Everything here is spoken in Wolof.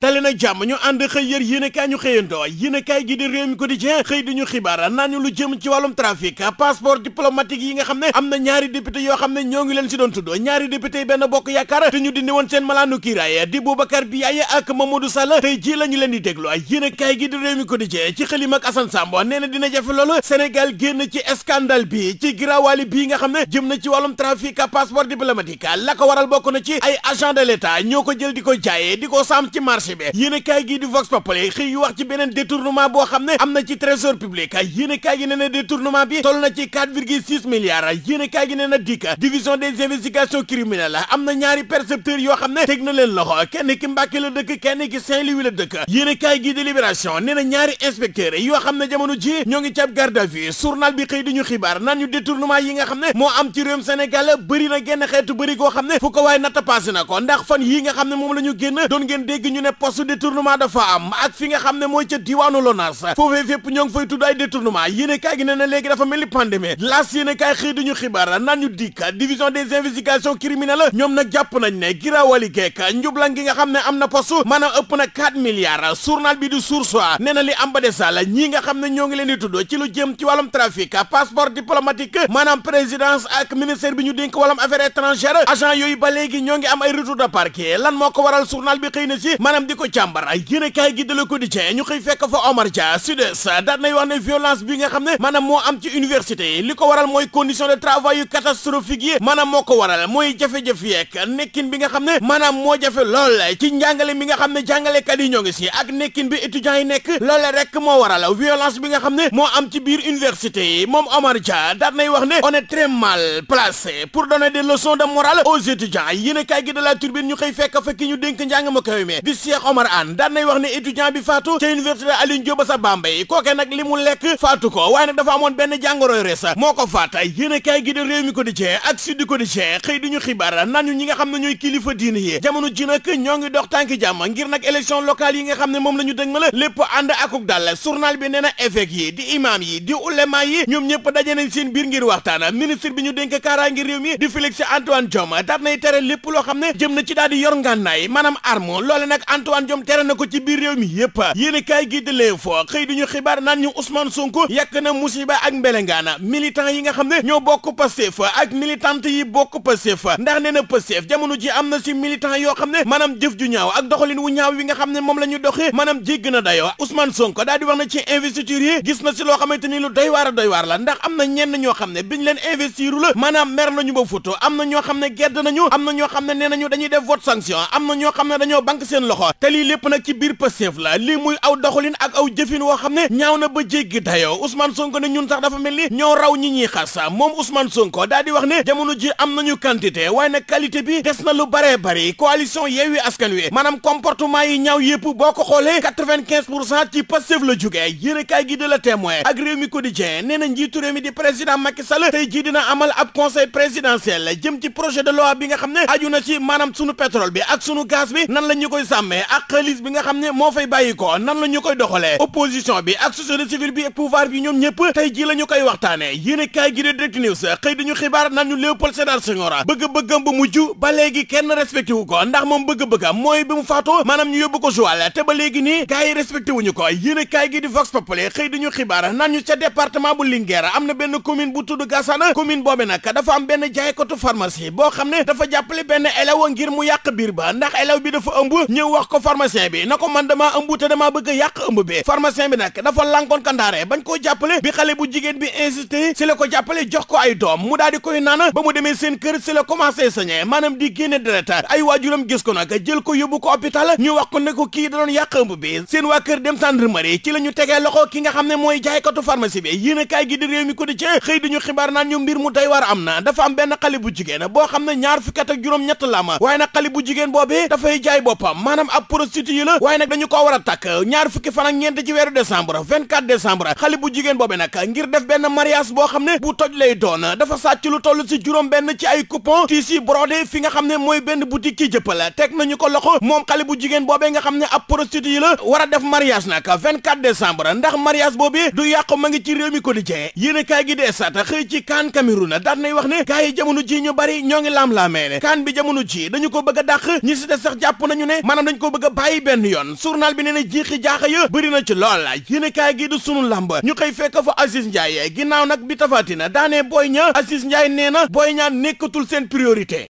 dale na jàmm ñu ànd xëy yër yéenekaay ñu xëyandoo yéenekaay gi di réew mi quotidien xëy di ñu xibaar naan ñu lu jëm ci wàllum trafic passeport diplomatique yi nga xam ne am na ñaari député yoo xam ne ñoo ngi leen si doon tudd ñaari député yi benn bokk yaakaar te ñu dindi woon seen malaanu kiiraay di Boubacar Biaye ak Mamadou Sall tey ji la ñu leen di déglu yéenekaay gi di réew mi quotidien ci xëlim ak Assane Samb nee na dina jafe loolu Sénégal génn ci scandale bi ci giraawaali bii nga xam ne jëm na ci wàllum trafic passeport diplomatique la ko waral bokk na ci ay agent de l'État ñoo ko jël di ko jaayee di ko sàmm ci marché marché bi yéene kaay gii di Vox Populi xëy yu wax ci beneen détournement boo xam ne am na ci trésor public yéene kaay gi nee na détournement bi toll na ci 4,6 milliards yéene gi nee dikk division des investigations criminelles am na ñaari percepteurs yoo xam ne teg na leen loxo kenn ki Mbàkke la dëkk kenn ki Saint-Louis la dëkk yéene kaay gii di Libération ñaari inspecteurs yoo xam ne jamono ji ñoo ngi cab garde à vue journal bi xëy di ñu xibaar naan ñu détournement yi nga xam ne moo am ci réewum Sénégal bëri genn xeetu bëri koo xam ne fu ko na ko ndax fan nga xam ne moom la ñu génn doon ngeen ne poste détournement dafa am ak fi nga xam ne mooy ca diwaanu Lonaas foofee fépp ñoo ngi fay tudd ay détournement yéene kaay gi ne na léegi dafa mel ni pandémie las yéene kaay xëy duñu xibaar gi nga xam ne am na poste maanaam ëpp na 4 milliards journal bi du Source A nee ñi nga xam ne ñoo ngi di tudd ci lu jëm ci wàllum trafic passeport diplomatique maanaam présidence ak ministère bi ñu dénk wàllum affaires étrangères agent yooyu léegi ñoo ngi am ay retour de parquet lan moo ko waral journal bi xëy na si maanaam di ko càmbar yéenekaay gi dala ko di cee ñu xëy fekk fa Omar Dia Sudes daat nay wax ne violence bi nga xam ne maanaam moo am ci université li ko waral mooy condition de travail yu catastrophique yi maanaam moo ko waral mooy jafe-jafe yeeg nekkin bi nga xam ne maanaam moo jafe lool ci njàngale mi nga xam ne jàngalekat yi ñoo ngi si ak nekkin bi étudiants yi nekk loole rek moo waral violence bi nga xam ne moo am ci biir université yi moom Omar Dia daat nay wax ne on est très mal de morale aux étudiants yéenekaay gi de Cheikh Omar Anne wax ne étudiant bi faatu ca université Alioune Diop ba sa Bambey kooke nag li mu lekk faatu ko waaye nag dafa amoon benn jàngoroy res moo ko faata yéen a kaay gi de réew mi ko di cee ak sud ko di cee xëy duñu xibaar naan ñu ñi nga xam ne ñooy kilifa diine yi jamono ji nag ñoo ngi dox tànki jàmm ngir nag élection locale yi nga xam ne moom la ñu dëgmal lépp ànd akuk dal journal bi nee na yi di imam yi di ulema yi ñoom ñëpp daje seen biir ngir waxtaan loo xam ne jëm na Antoine Diome tere na ko ci biir réew mi yépp yéen i kaay gi xëy du ñu xibaar naan ñu Ousmane Sonko yàq na musiba ak mbelengaana militant yi nga xam ne ñoo bokk Pastef ak militante yi bokk Pastef ndax nee na Pastef jamono ji am na si militant yoo xam ne maanaam jëf ju ñaaw ak doxalin wu ñaaw wi nga xam ne moom la ñu doxee maanaam jégg na dayoo Ousmane Sonko daal di wax na ci investiture yi gis na si loo xamante ni lu doy waar a waar la ndax am na ñenn ñoo xam ne biñ leen investiru la maanaam mer nañu ba foto am na ñoo xam ne gedd nañu am na ñoo xam ne nee nañu dañuy def vote am na xam ne dañoo bank seen loxo te lii lépp nag ci biir Pastef la lii muy aw doxalin ak aw jëfin woo xam ne ñaaw na ba jéggi dayoo Ousmane Sonko ne ñun sax dafa mel ni ñoo raw ñi ñuy xas moom Ousmane Sonko daal di wax ne jamono ji am nañu quantité waaye nag qualité bi des na lu baree bari coalition Yewwi Askan Wi maanaam comportement yi ñaaw yëpp boo ko xoolee quatre vingt pour cent ci Pastef la jugee yéenekaay gi de la Témoin ak réew mi quotidien nee na njiitu réew mi di président Macky Sall tey jii dina amal ab conseil présidentiel jëm ci projet de loi bi nga xam ne aju na ci maanaam sunu pétrole bi ak sunu gaz bi nan la ñu koy sàmmee ak xaalis bi nga xam ne moo fay bàyyi ko nan la ñu koy doxalee opposition bi ak société civile bi pouvoir bi ñoom ñëpp tey jii la ñu koy waxtaanee yéen i kaay gi de direct news xëy dañu xibaar nan ñu Léopold Sédar Senghor bëgg-bëggam ba mujj ba léegi kenn respecté wu ko ndax moom bëgg-bëggam mooy bi mu faatoo maanaam ñu yóbbu ko Joal te ba léegi nii gars yi respecté wuñu ko yéen i kaay gi di Vox Populi xëy dañu xibaar nan ñu ca département bu Linguère am na benn commune bu tudd Gassana commune boobe nag dafa am benn jaaykatu pharmacie boo xam ne dafa jàppale benn élève ngir mu yàq biir ba ndax élève bi dafa ëmb ñëw wax ko pharmacien bi na ko man damaa ëmb te damaa bëgg a yàq ëmb bi pharmacien bi nag dafa lànkoon kandaare bañ koo jàppale bi xale bu jigéen bi insisté si la ko jàppale jox ko ay doom mu daal di koy naan ba mu demee seen kër si la commencé sañe maanaam di génne deret ay waa waajuram gis ko nag jël ko yóbbu ko hôpital ñu wax ko ne ko kii da doon yàq ëmb bi seen waa kër dem gendarmerie ci la ñu tegee loxo ki nga xam ne mooy jaaykatu pharmacie bi yéen a kaay gi di réew ñu xibaar naan ñu mbir mu day war am na dafa am benn xale bu jigéen boo xam ne ñaar fukki at ak juróom ñett la ma waaye bu jigéen boobee dafay jaay boppam maanaam ab prostituée la waaye nag dañu ko war a takk ñaar fukki fan ak ci weeru décembre xale bu jigéen boobe nag ngir def benn mariage boo xam ne bu toj lay doon dafa sàcc lu toll si juróom benn ci ay coupon tissu brodé fi nga xam ne mooy benn boutique ci jëppal teg nañu ko loxo moom xale bu jigéen boobee nga xam ne ab prostituée la war a def mariage nag 24 décembre ndax mariage boobu du yàqu ma ngi ci réew mi gi dee sat xëy ci kaan Cameroun daan nay wax ne ko bëgg a dàq ñi si ko bëgg a bàyyi benn yoon journal bi nee na jiixi jaaxa ya bëri na ci lool yéenekaay gi du sunu làmb ñu xëy fekk fa Aziz Ndiaye ginnaaw nag bi Tapha Tine daanee Boy Niang Aziz Ndiaye nee na Boy Niang nekkatul seen priorité